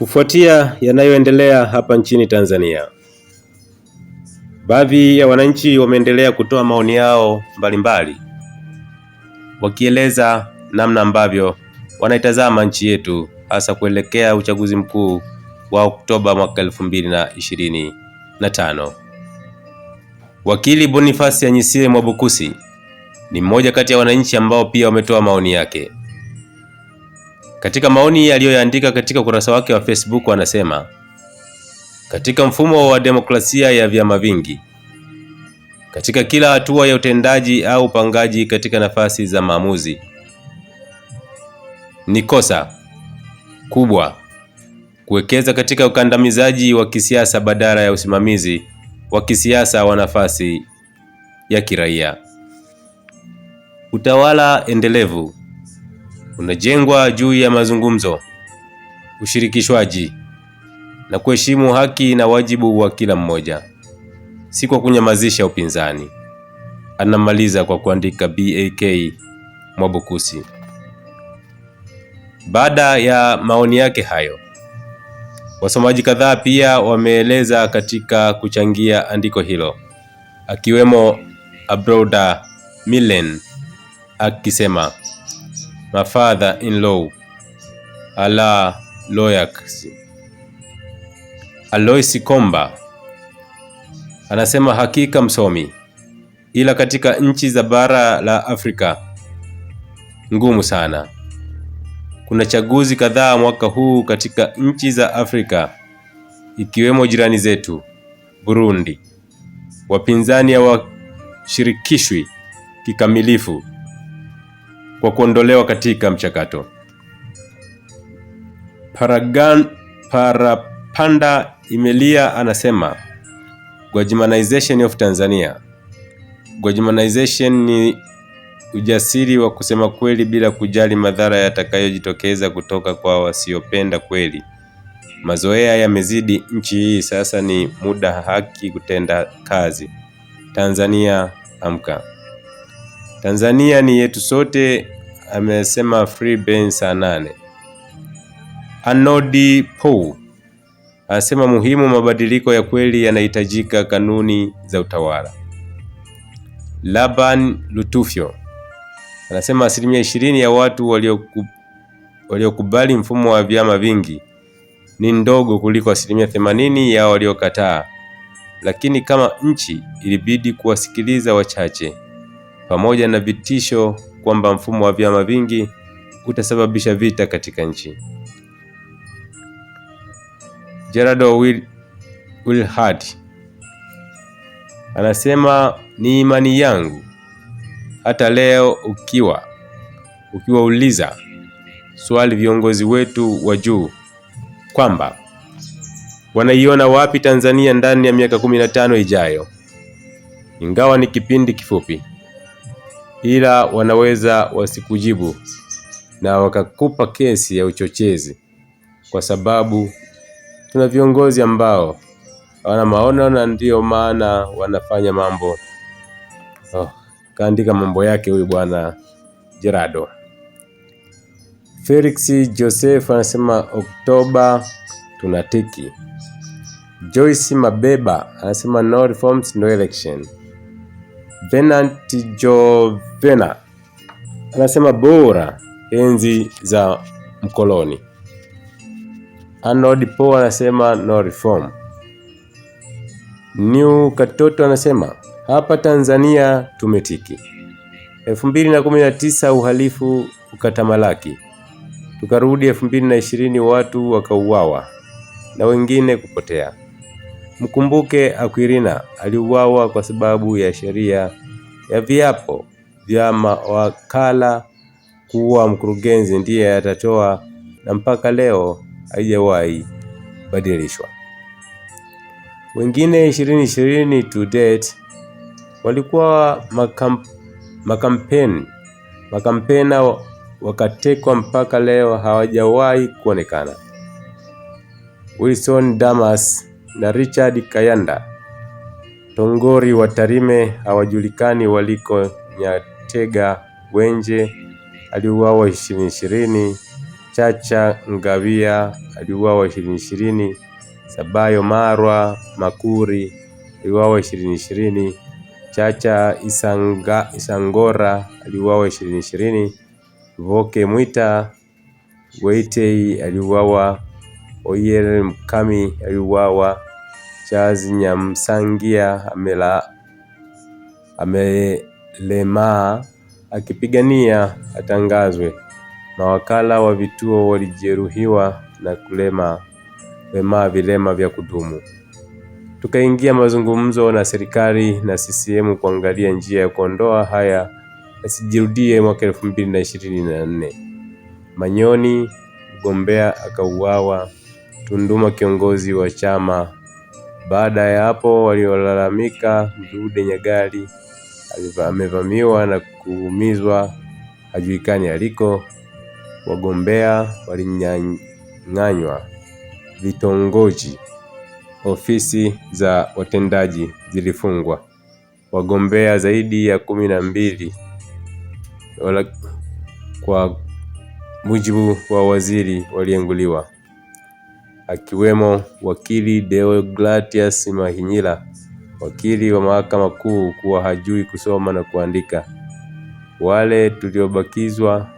Kufuatia yanayoendelea hapa nchini Tanzania, baadhi ya wananchi wameendelea kutoa maoni yao mbalimbali, wakieleza namna ambavyo wanaitazama nchi yetu hasa kuelekea uchaguzi mkuu wa Oktoba mwaka elfu mbili na ishirini na tano. Wakili Bonifasi Anyisire Mwabukusi ni mmoja kati ya wananchi ambao pia wametoa maoni yake. Katika maoni aliyoyaandika katika ukurasa wake wa Facebook anasema, katika mfumo wa demokrasia ya vyama vingi, katika kila hatua ya utendaji au upangaji katika nafasi za maamuzi, ni kosa kubwa kuwekeza katika ukandamizaji wa kisiasa badala ya usimamizi wa kisiasa wa nafasi ya kiraia. Utawala endelevu unajengwa juu ya mazungumzo, ushirikishwaji na kuheshimu haki na wajibu wa kila mmoja, si kwa kunyamazisha upinzani. Anamaliza kwa kuandika Bak Mwabukusi. Baada ya maoni yake hayo, wasomaji kadhaa pia wameeleza katika kuchangia andiko hilo, akiwemo Abroda Milen akisema my father-in-law Ala Loyax. Alois Komba anasema hakika msomi, ila katika nchi za bara la Afrika ngumu sana. Kuna chaguzi kadhaa mwaka huu katika nchi za Afrika ikiwemo jirani zetu Burundi. Wapinzani hawashirikishwi kikamilifu kwa kuondolewa katika mchakato. Paragan, Parapanda Imelia anasema Gwajimanization of Tanzania. Gwajimanization ni ujasiri wa kusema kweli bila kujali madhara yatakayojitokeza kutoka kwa wasiopenda kweli. Mazoea yamezidi nchi hii, sasa ni muda haki kutenda kazi. Tanzania amka. Tanzania ni yetu sote, amesema Freeben saa nane. Anodi po anasema muhimu, mabadiliko ya kweli yanahitajika kanuni za utawala. Laban Lutufyo anasema asilimia ishirini ya watu waliokubali mfumo wa vyama vingi ni ndogo kuliko asilimia themanini ya waliokataa, lakini kama nchi ilibidi kuwasikiliza wachache pamoja na vitisho kwamba mfumo wa vyama vingi utasababisha vita katika nchi. Gerardo Will, anasema ni imani yangu hata leo, ukiwa ukiwauliza swali viongozi wetu wa juu kwamba wanaiona wapi Tanzania ndani ya miaka 15 ijayo, ingawa ni kipindi kifupi, ila wanaweza wasikujibu na wakakupa kesi ya uchochezi, kwa sababu tuna viongozi ambao wana maono, na ndiyo maana wanafanya mambo oh, kaandika mambo yake huyu bwana Gerardo Felix Joseph anasema Oktoba tunatiki. Joyce Mabeba anasema no reforms no election. Venant Jovena anasema bora enzi za mkoloni. Arnold Poe anasema no reform. New Katoto anasema hapa Tanzania tumetiki. 2019 uhalifu ukatamalaki, tukarudi 2020 watu wakauawa na wengine kupotea. Mkumbuke Akwilina aliuawa kwa sababu ya sheria ya viapo vya mawakala kuwa mkurugenzi ndiye atatoa, na mpaka leo haijawahi badilishwa. Wengine 2020 to date walikuwa makam, makampeni makampena wakatekwa mpaka leo hawajawahi kuonekana. Wilson Damas na Richard Kayanda. Tongori wa Tarime hawajulikani waliko. Nyatega Wenje aliuawa ishirini ishirini. Chacha Ngawia aliuawa ishirini ishirini. Sabayo Marwa Makuri aliuawa ishirini ishirini. Chacha Isanga, Isangora aliuawa ishirini ishirini. Voke Mwita Weitei aliuawa Oyere Mkami aliuawa. Charles Nyamsangia amela amelemaa akipigania atangazwe. Mawakala wa vituo walijeruhiwa na kulema lemaa vilema vya kudumu. Tukaingia mazungumzo na serikali na CCM kuangalia njia ya kuondoa haya asijirudie mwaka elfu mbili na ishirini na nne. Manyoni mgombea akauawa Tunduma kiongozi wa chama. Baada ya hapo waliolalamika Mdude Nyagali amevamiwa na kuumizwa hajulikani aliko, wagombea walinyang'anywa vitongoji, ofisi za watendaji zilifungwa, wagombea zaidi ya kumi na mbili kwa mujibu wa waziri walienguliwa akiwemo wakili Deogratias Mahinyila, wakili wa mahakama kuu, kuwa hajui kusoma na kuandika. Wale tuliobakizwa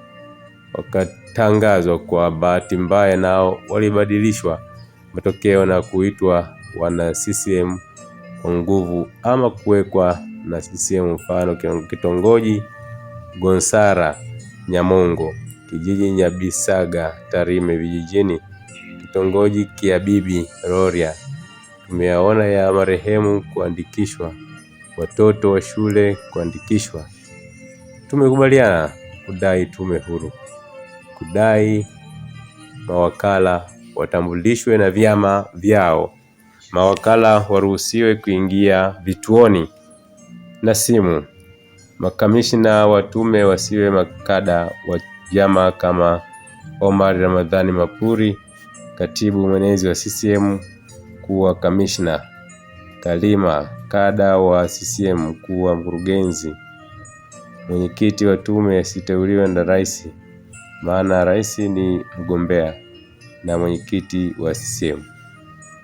wakatangazwa kwa bahati mbaya, nao walibadilishwa matokeo na kuitwa wana CCM kwa nguvu ama kuwekwa na CCM, mfano kitongoji Gonsara Nyamongo, kijiji Nyabisaga Tarime vijijini kitongoji Bibi Roria. tumeyaona ya marehemu kuandikishwa, watoto wa shule kuandikishwa. Tumekubaliana kudai tume huru, kudai mawakala watambulishwe na vyama vyao, mawakala waruhusiwe kuingia vituoni na simu, makamishina wa tume wasiwe makada wa vyama kama Omar Ramadhani Mapuri katibu mwenezi wa CCM kuwa kamishna, Kalima kada wa CCM kuwa mkurugenzi, mwenyekiti wa tume asiteuliwe na rais, maana rais ni mgombea na mwenyekiti wa CCM.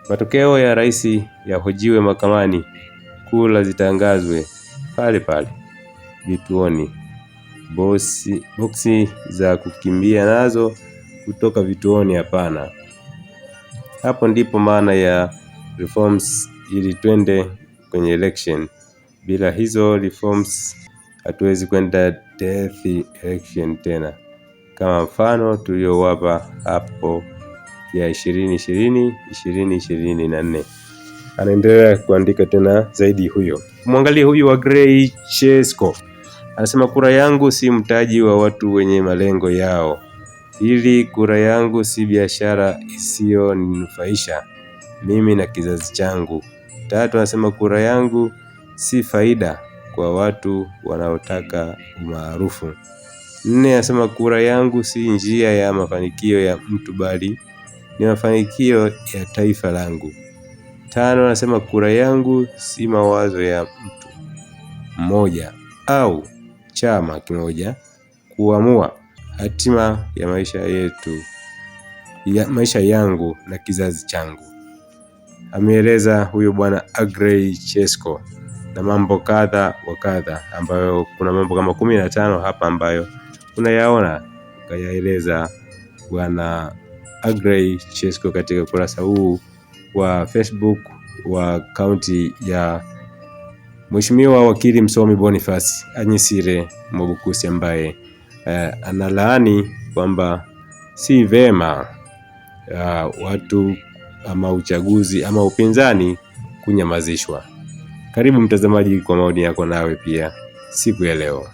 Matokeo ya rais yahojiwe mahakamani, kula zitangazwe pale pale vituoni, boksi za kukimbia nazo kutoka vituoni hapana. Hapo ndipo maana ya reforms ili twende kwenye election. Bila hizo reforms hatuwezi kwenda death election tena, kama mfano tuliowapa hapo ya ishirini ishirini ishirini ishirini na nne. Anaendelea kuandika tena zaidi huyo, mwangalie huyu wa Grey Chesco anasema, kura yangu si mtaji wa watu wenye malengo yao hili kura yangu si biashara isiyoninufaisha mimi na kizazi changu. Tatu, anasema kura yangu si faida kwa watu wanaotaka umaarufu. Nne, anasema kura yangu si njia ya mafanikio ya mtu bali ni mafanikio ya taifa langu. Tano, anasema kura yangu si mawazo ya mtu mmoja au chama kimoja kuamua hatima ya maisha yetu ya maisha yangu na kizazi changu, ameeleza huyu bwana agrey Chesko, na mambo kadha wa kadha, ambayo kuna mambo kama kumi na tano hapa ambayo unayaona ukayaeleza bwana agrey Chesko katika ukurasa huu wa Facebook wa kaunti ya Mheshimiwa wakili msomi Boniface Anyisire Mwabukusi ambaye eh, analaani kwamba si vema eh, watu ama uchaguzi ama upinzani kunyamazishwa. Karibu mtazamaji kwa maoni yako nawe pia siku ya leo.